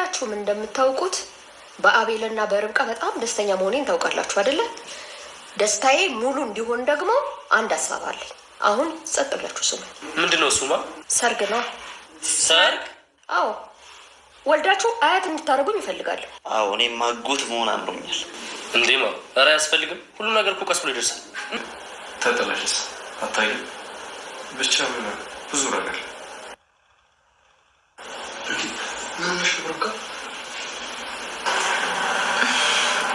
ሁላችሁም እንደምታውቁት በአቤልና በርብቃ በጣም ደስተኛ መሆኔን ታውቃላችሁ አይደለ? ደስታዬ ሙሉ እንዲሆን ደግሞ አንድ ሀሳብ አለኝ። አሁን ጸጥ ብላችሁ ስሙ። ምንድን ነው እሱማ? ሰርግ ነው። ሰርግ? አዎ። ወልዳችሁ አያት እንድታደርጉኝ ይፈልጋሉ። አዎ፣ እኔ ማጎት መሆን አምሮኛል። ማ? ኧረ አያስፈልግም። ሁሉ ነገር እኮ ቀስ ብሎ ይደርሳል። ተጠላሽስ አታይም? ብቻ ብዙ ነገር ማነሽ ብሩካ?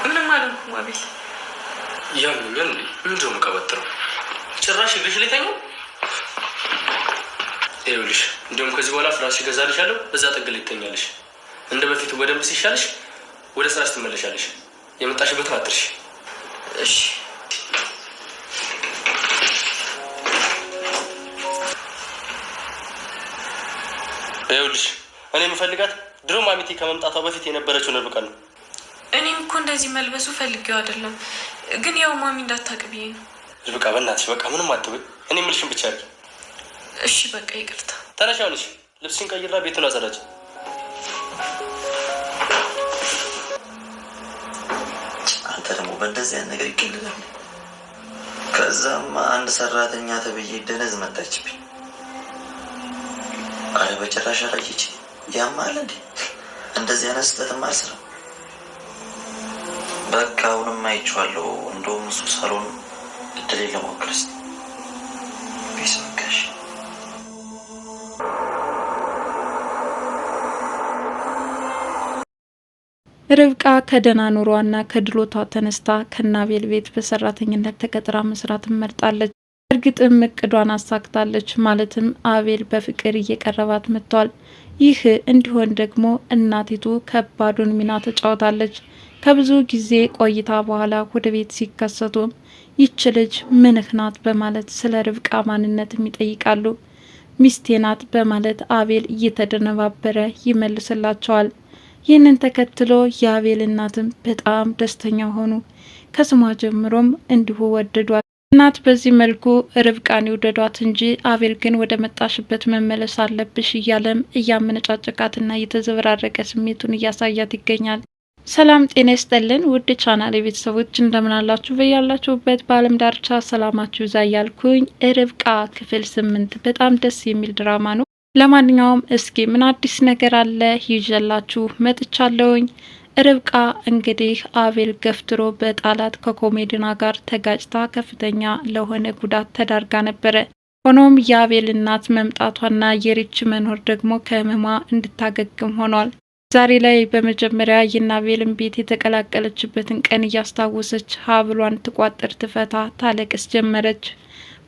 ምንም አላልኩም። አቤት ያምኛል። ምንድን ነው ቀበጥረው? ጭራሽ እግርሽ ላይ ተኛው። ይኸውልሽ፣ እንዲሁም ከዚህ በኋላ ፍራሽ እገዛልሻለሁ። እዛ ጥግ ላይ ትተኛለሽ። እንደ በፊቱ በደንብ ሲሻልሽ ወደ ስራሽ ትመለሻለሽ። የመጣሽበትን አትርሽ። እሺ ይኸውልሽ እኔ የምፈልጋት ድሮ ማሚቴ ከመምጣቷ በፊት የነበረችውን ርብቃ ነው። እኔም እኮ እንደዚህ መልበሱ ፈልጌው አይደለም፣ ግን ያው ማሚ እንዳታውቅ ብዬ ነው። ርብቃ በእናትሽ በቃ ምንም አትበይ፣ እኔ የምልሽን ብቻ አድርጊ እሺ። በቃ ይቅርታ። ተነሽ ልብስሽን ቀይራ ቤቱን አጸዳጅ። አንተ ደግሞ በእንደዚህ አይነት ነገር ይቀልላል። ከዛም አንድ ሰራተኛ ተብዬ ደነዝ መጣችብኝ። አረ በጭራሽ አላየችኝ ያማል እንዴ? እንደዚህ አይነት ስህተት ማስረው በቃ አሁንም አይቼዋለሁ። እንደውም እሱ ሳሎን እድሌ ለሞክርስ ቢሰጋሽ ርብቃ ከደናኑሯና ከድሎቷ ተነስታ ከናቤል ቤት በሰራተኝነት ተቀጥራ መስራት መርጣለች። እርግጥም እቅዷን አሳክታለች። ማለትም አቤል በፍቅር እየቀረባት መጥቷል። ይህ እንዲሆን ደግሞ እናቲቱ ከባዱን ሚና ተጫውታለች። ከብዙ ጊዜ ቆይታ በኋላ ወደ ቤት ሲከሰቱም ይች ልጅ ምንህ ናት በማለት ስለ ርብቃ ማንነትም ይጠይቃሉ። ሚስቴ ናት በማለት አቤል እየተደነባበረ ይመልስላቸዋል። ይህንን ተከትሎ የአቤል እናትም በጣም ደስተኛ ሆኑ። ከስሟ ጀምሮም እንዲሁ ወደዷል። እናት በዚህ መልኩ ርብቃን ይውደዷት እንጂ አቤል ግን ወደ መጣሽበት መመለስ አለብሽ እያለም እያመነጫጨቃትና እየተዘበራረቀ ስሜቱን እያሳያት ይገኛል። ሰላም ጤና ይስጠልን ውድ ቻናል የቤተሰቦች እንደምናላችሁ በያላችሁበት በዓለም ዳርቻ ሰላማችሁ ዛ እያልኩኝ ርብቃ ክፍል ስምንት በጣም ደስ የሚል ድራማ ነው። ለማንኛውም እስኪ ምን አዲስ ነገር አለ ይዤላችሁ መጥቻለሁኝ። ርብቃ እንግዲህ አቤል ገፍትሮ በጣላት ከኮሜድና ጋር ተጋጭታ ከፍተኛ ለሆነ ጉዳት ተዳርጋ ነበረ። ሆኖም የአቤል እናት መምጣቷና የሪች መኖር ደግሞ ከህመሟ እንድታገግም ሆኗል። ዛሬ ላይ በመጀመሪያ የናቤልን ቤት የተቀላቀለችበትን ቀን እያስታወሰች ሀብሏን ትቋጥር፣ ትፈታ፣ ታለቅስ ጀመረች።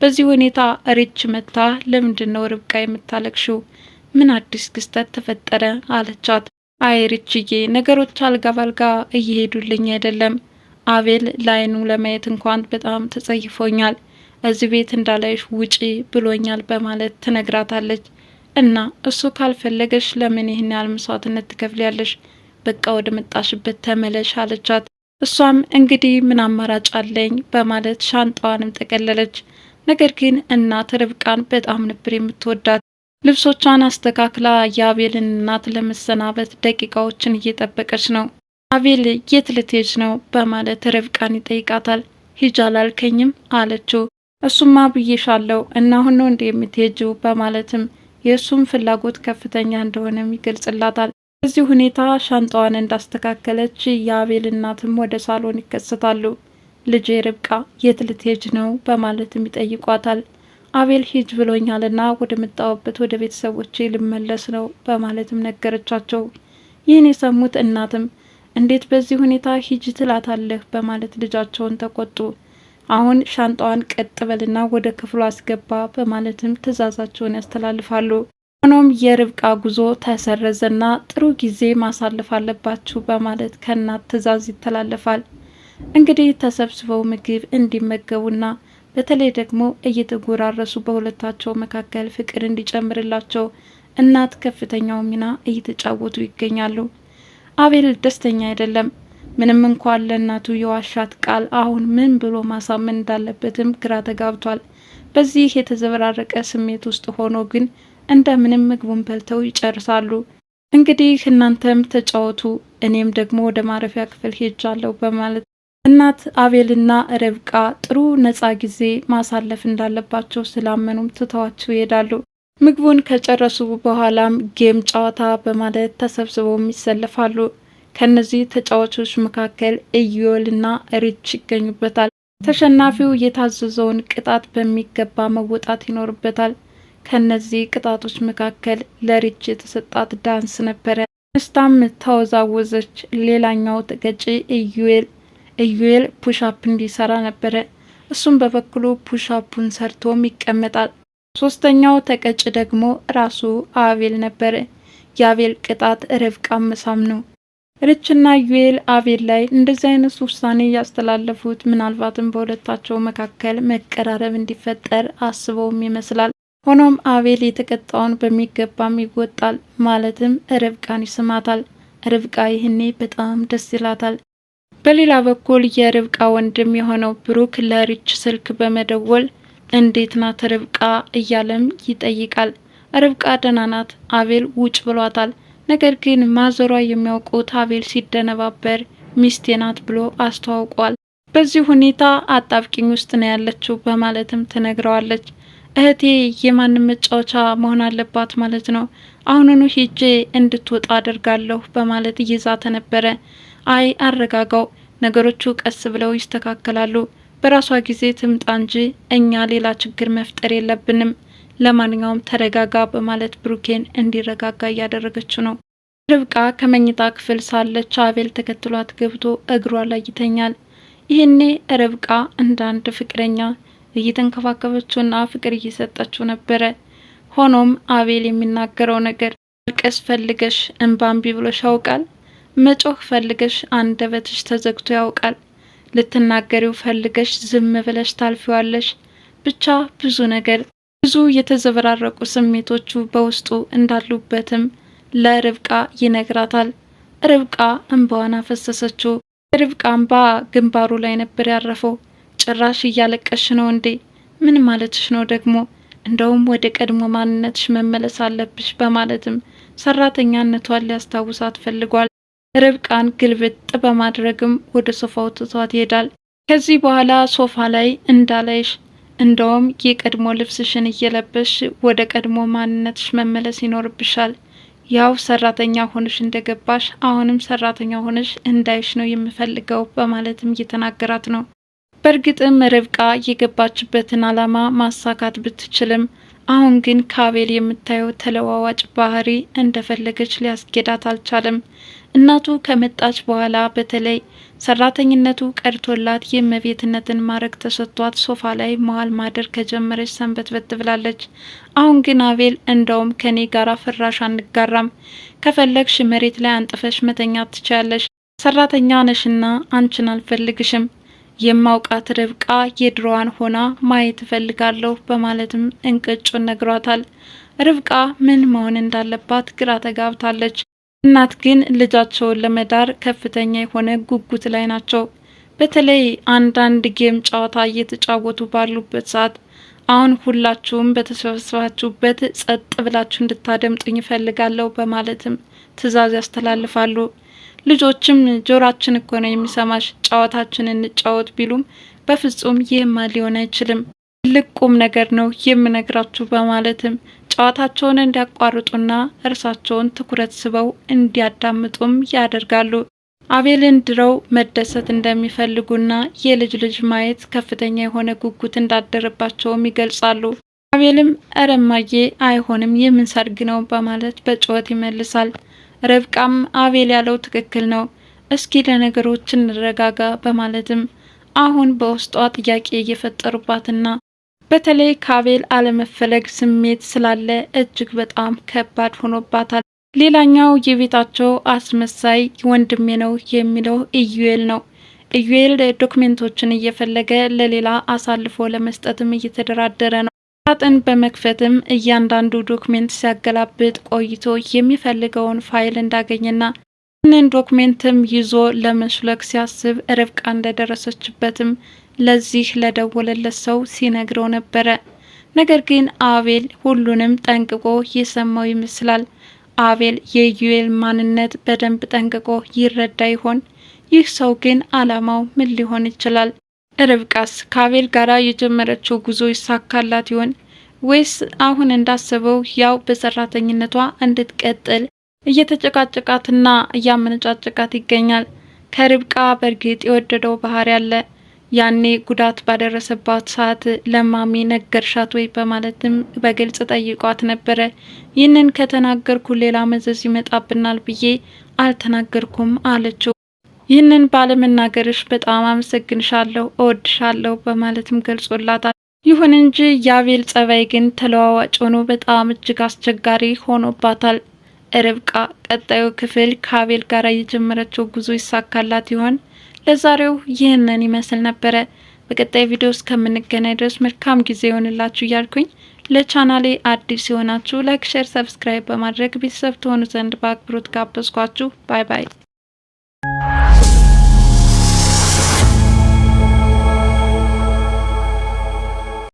በዚህ ሁኔታ ሪች መታ ለምንድን ነው ርብቃ የምታለቅሽው? ምን አዲስ ክስተት ተፈጠረ? አለቻት። አይ ርችዬ ነገሮች አልጋ ባልጋ እየሄዱልኝ አይደለም። አቤል ለአይኑ ለማየት እንኳን በጣም ተጸይፎኛል። እዚህ ቤት እንዳላይሽ ውጪ ብሎኛል በማለት ትነግራታለች። እና እሱ ካልፈለገሽ ለምን ይህን ያህል መስዋዕትነት ትከፍያለሽ? በቃ ወደ መጣሽበት ተመለሽ አለቻት። እሷም እንግዲህ ምን አማራጭ አለኝ በማለት ሻንጣዋንም ጠቀለለች። ነገር ግን እናት ርብቃን በጣም ነበር የምትወዳት። ልብሶቿን አስተካክላ የአቤልን እናት ለመሰናበት ደቂቃዎችን እየጠበቀች ነው። አቤል የት ልትሄጅ ነው በማለት ርብቃን ይጠይቃታል። ሂጅ አላልከኝም አለችው። እሱማ ብዬሻለው እና አሁን ነው እንደ የምትሄጅው በማለትም የእሱም ፍላጎት ከፍተኛ እንደሆነም ይገልጽላታል። በዚህ ሁኔታ ሻንጣዋን እንዳስተካከለች የአቤል እናትም ወደ ሳሎን ይከሰታሉ። ልጄ ርብቃ የት ልትሄጅ ነው በማለትም ይጠይቋታል። አቤል ሂጅ ብሎኛልና ወደ መጣሁበት ወደ ቤተሰቦቼ ልመለስ ነው በማለትም ነገረቻቸው። ይህን የሰሙት እናትም እንዴት በዚህ ሁኔታ ሂጅ ትላታለህ በማለት ልጃቸውን ተቆጡ። አሁን ሻንጣዋን ቀጥ በልና ወደ ክፍሉ አስገባ በማለትም ትዕዛዛቸውን ያስተላልፋሉ። ሆኖም የርብቃ ጉዞ ተሰረዘና ጥሩ ጊዜ ማሳለፍ አለባችሁ በማለት ከእናት ትዕዛዝ ይተላለፋል። እንግዲህ ተሰብስበው ምግብ እንዲመገቡና በተለይ ደግሞ እየተጎራረሱ በሁለታቸው መካከል ፍቅር እንዲጨምርላቸው እናት ከፍተኛው ሚና እየተጫወቱ ይገኛሉ። አቤል ደስተኛ አይደለም። ምንም እንኳን ለእናቱ የዋሻት ቃል አሁን ምን ብሎ ማሳመን እንዳለበትም ግራ ተጋብቷል። በዚህ የተዘበራረቀ ስሜት ውስጥ ሆኖ ግን እንደ ምንም ምግቡን በልተው ይጨርሳሉ። እንግዲህ እናንተም ተጫወቱ፣ እኔም ደግሞ ወደ ማረፊያ ክፍል ሄጃለሁ በማለት እናት አቤልና ረብቃ ጥሩ ነፃ ጊዜ ማሳለፍ እንዳለባቸው ስላመኑም ትተዋቸው ይሄዳሉ። ምግቡን ከጨረሱ በኋላም ጌም ጨዋታ በማለት ተሰብስበውም ይሰለፋሉ። ከነዚህ ተጫዋቾች መካከል ና ሪች ይገኙበታል። ተሸናፊው የታዘዘውን ቅጣት በሚገባ መወጣት ይኖርበታል። ከነዚህ ቅጣቶች መካከል ለሪች የተሰጣት ዳንስ ነበረ። ንስታም ተወዛወዘች። ሌላኛው ተቀጪ ኢዩኤል ኢዩኤል ፑሻፕ እንዲሰራ ነበረ። እሱም በበኩሉ ፑሻፑን ሰርቶም ይቀመጣል። ሶስተኛው ተቀጭ ደግሞ ራሱ አቤል ነበር። የአቤል ቅጣት ርብቃ መሳም ነው። ርችና ዩኤል አቤል ላይ እንደዚህ አይነት ውሳኔ ያስተላለፉት ምናልባትም በሁለታቸው መካከል መቀራረብ እንዲፈጠር አስበውም ይመስላል። ሆኖም አቤል የተቀጣውን በሚገባም ይወጣል። ማለትም ርብቃን ይስማታል። ርብቃ ይህኔ በጣም ደስ ይላታል። በሌላ በኩል የርብቃ ወንድም የሆነው ብሩክ ለሪች ስልክ በመደወል እንዴት ናት ርብቃ እያለም ይጠይቃል። ርብቃ ደህና ናት፣ አቤል ውጭ ብሏታል። ነገር ግን ማዘሯ የሚያውቁት አቤል ሲደነባበር ሚስቴ ናት ብሎ አስተዋውቋል። በዚህ ሁኔታ አጣብቂኝ ውስጥ ነው ያለችው በማለትም ትነግረዋለች። እህቴ የማንም መጫወቻ መሆን አለባት ማለት ነው። አሁኑኑ ሄጄ እንድትወጣ አድርጋለሁ በማለት እይዛ ተነበረ! አይ አረጋጋው፣ ነገሮቹ ቀስ ብለው ይስተካከላሉ። በራሷ ጊዜ ትምጣ እንጂ እኛ ሌላ ችግር መፍጠር የለብንም። ለማንኛውም ተረጋጋ በማለት ብሩኬን እንዲረጋጋ እያደረገችው ነው። ርብቃ ከመኝታ ክፍል ሳለች አቤል ተከትሏት ገብቶ እግሯ ላይ ይተኛል። ይህኔ ርብቃ እንደ አንድ ፍቅረኛ እየተንከባከበችውና ፍቅር እየሰጠችው ነበረ። ሆኖም አቤል የሚናገረው ነገር ቀስ ፈልገሽ እንባንቢ ብሎሽ ያውቃል መጮህ ፈልገሽ አንደበትሽ ተዘግቶ ያውቃል። ልትናገሪው ፈልገሽ ዝም ብለሽ ታልፊዋለሽ። ብቻ ብዙ ነገር ብዙ የተዘበራረቁ ስሜቶቹ በውስጡ እንዳሉበትም ለርብቃ ይነግራታል። ርብቃ እንባዋን አፈሰሰችው። ርብቃን እንባ ግንባሩ ላይ ነበር ያረፈው። ጭራሽ እያለቀሽ ነው እንዴ? ምን ማለትሽ ነው ደግሞ? እንደውም ወደ ቀድሞ ማንነትሽ መመለስ አለብሽ በማለትም ሰራተኛነቷን ሊያስታውሳት ፈልጓል። ርብቃን ግልብጥ በማድረግም ወደ ሶፋው ትቷት ይሄዳል። ከዚህ በኋላ ሶፋ ላይ እንዳላይሽ እንደውም የቀድሞ ልብስሽን እየለበሽ ወደ ቀድሞ ማንነትሽ መመለስ ይኖርብሻል። ያው ሰራተኛ ሆነሽ እንደገባሽ አሁንም ሰራተኛ ሆነሽ እንዳይሽ ነው የምፈልገው በማለትም እየተናገራት ነው። በእርግጥም ርብቃ የገባችበትን ዓላማ ማሳካት ብትችልም አሁን ግን ከአቤል የምታየው ተለዋዋጭ ባህሪ እንደፈለገች ሊያስጌዳት አልቻለም። እናቱ ከመጣች በኋላ በተለይ ሰራተኝነቱ ቀርቶላት የእመቤትነትን ማድረግ ተሰጥቷት ሶፋ ላይ መዋል ማደር ከጀመረች ሰንበት በት ብላለች። አሁን ግን አቤል እንደውም ከኔ ጋር ፍራሽ አንጋራም፣ ከፈለግሽ መሬት ላይ አንጥፈሽ መተኛት ትችያለሽ፣ ሰራተኛ ነሽና አንቺን አልፈልግሽም የማውቃት ርብቃ የድሮዋን ሆና ማየት እፈልጋለሁ በማለትም እንቅጩን ነግሯታል። ርብቃ ምን መሆን እንዳለባት ግራ ተጋብታለች። እናት ግን ልጃቸውን ለመዳር ከፍተኛ የሆነ ጉጉት ላይ ናቸው። በተለይ አንዳንድ ጌም ጨዋታ እየተጫወቱ ባሉበት ሰዓት አሁን ሁላችሁም በተሰበሰባችሁበት ጸጥ ብላችሁ እንድታደምጡኝ እፈልጋለሁ በማለትም ትዕዛዝ ያስተላልፋሉ። ልጆችም ጆሯችን እኮ ነው የሚሰማሽ ጨዋታችን እንጫወት ቢሉም በፍጹም ይህማ ሊሆን አይችልም ትልቅ ቁም ነገር ነው የምነግራችሁ በማለትም ጨዋታቸውን እንዲያቋርጡና እርሳቸውን ትኩረት ስበው እንዲያዳምጡም ያደርጋሉ። አቤልን ድረው መደሰት እንደሚፈልጉና የልጅ ልጅ ማየት ከፍተኛ የሆነ ጉጉት እንዳደረባቸውም ይገልጻሉ። አቤልም እረማዬ አይሆንም የምንሰርግ ነው በማለት በጩኸት ይመልሳል። ርብቃም አቤል ያለው ትክክል ነው፣ እስኪ ለነገሮች እንረጋጋ በማለትም አሁን በውስጧ ጥያቄ እየፈጠሩባትና በተለይ ከአቤል አለመፈለግ ስሜት ስላለ እጅግ በጣም ከባድ ሆኖባታል። ሌላኛው የቤታቸው አስመሳይ ወንድሜ ነው የሚለው ኢዩኤል ነው። ኢዩኤል ዶክሜንቶችን እየፈለገ ለሌላ አሳልፎ ለመስጠትም እየተደራደረ ነው። ሳጥን በመክፈትም እያንዳንዱ ዶክሜንት ሲያገላብጥ ቆይቶ የሚፈልገውን ፋይል እንዳገኘና ይህንን ዶክሜንትም ይዞ ለመሽለክ ሲያስብ ርብቃ እንደደረሰችበትም ለዚህ ለደወለለት ሰው ሲነግረው ነበረ። ነገር ግን አቤል ሁሉንም ጠንቅቆ የሰማው ይመስላል። አቤል የዩኤል ማንነት በደንብ ጠንቅቆ ይረዳ ይሆን? ይህ ሰው ግን አላማው ምን ሊሆን ይችላል? ርብቃስ ከአቤል ጋር የጀመረችው ጉዞ ይሳካላት ይሆን ወይስ አሁን እንዳሰበው ያው በሰራተኝነቷ እንድትቀጥል እየተጨቃጨቃትና እያመነጫጨቃት ይገኛል። ከርብቃ በእርግጥ የወደደው ባህሪ አለ። ያኔ ጉዳት ባደረሰባት ሰዓት ለማሚ ነገርሻት ወይ በማለትም በግልጽ ጠይቋት ነበረ። ይህንን ከተናገርኩ ሌላ መዘዝ ይመጣብናል ብዬ አልተናገርኩም አለችው። ይህንን ባለመናገርሽ በጣም አመሰግንሻለሁ፣ እወድሻለሁ በማለትም ገልጾላታል። ይሁን እንጂ የአቤል ጸባይ ግን ተለዋዋጭ ሆኖ በጣም እጅግ አስቸጋሪ ሆኖባታል። ርብቃ ቀጣዩ ክፍል ከአቤል ጋር የጀመረችው ጉዞ ይሳካላት ይሆን? ለዛሬው ይህንን ይመስል ነበረ። በቀጣይ ቪዲዮ እስከምንገናኝ ድረስ መልካም ጊዜ ይሆንላችሁ እያልኩኝ ለቻናሌ አዲስ የሆናችሁ ላይክ፣ ሼር፣ ሰብስክራይብ በማድረግ ቤተሰብ ትሆኑ ዘንድ በአክብሮት ጋበዝኳችሁ። ባይ ባይ።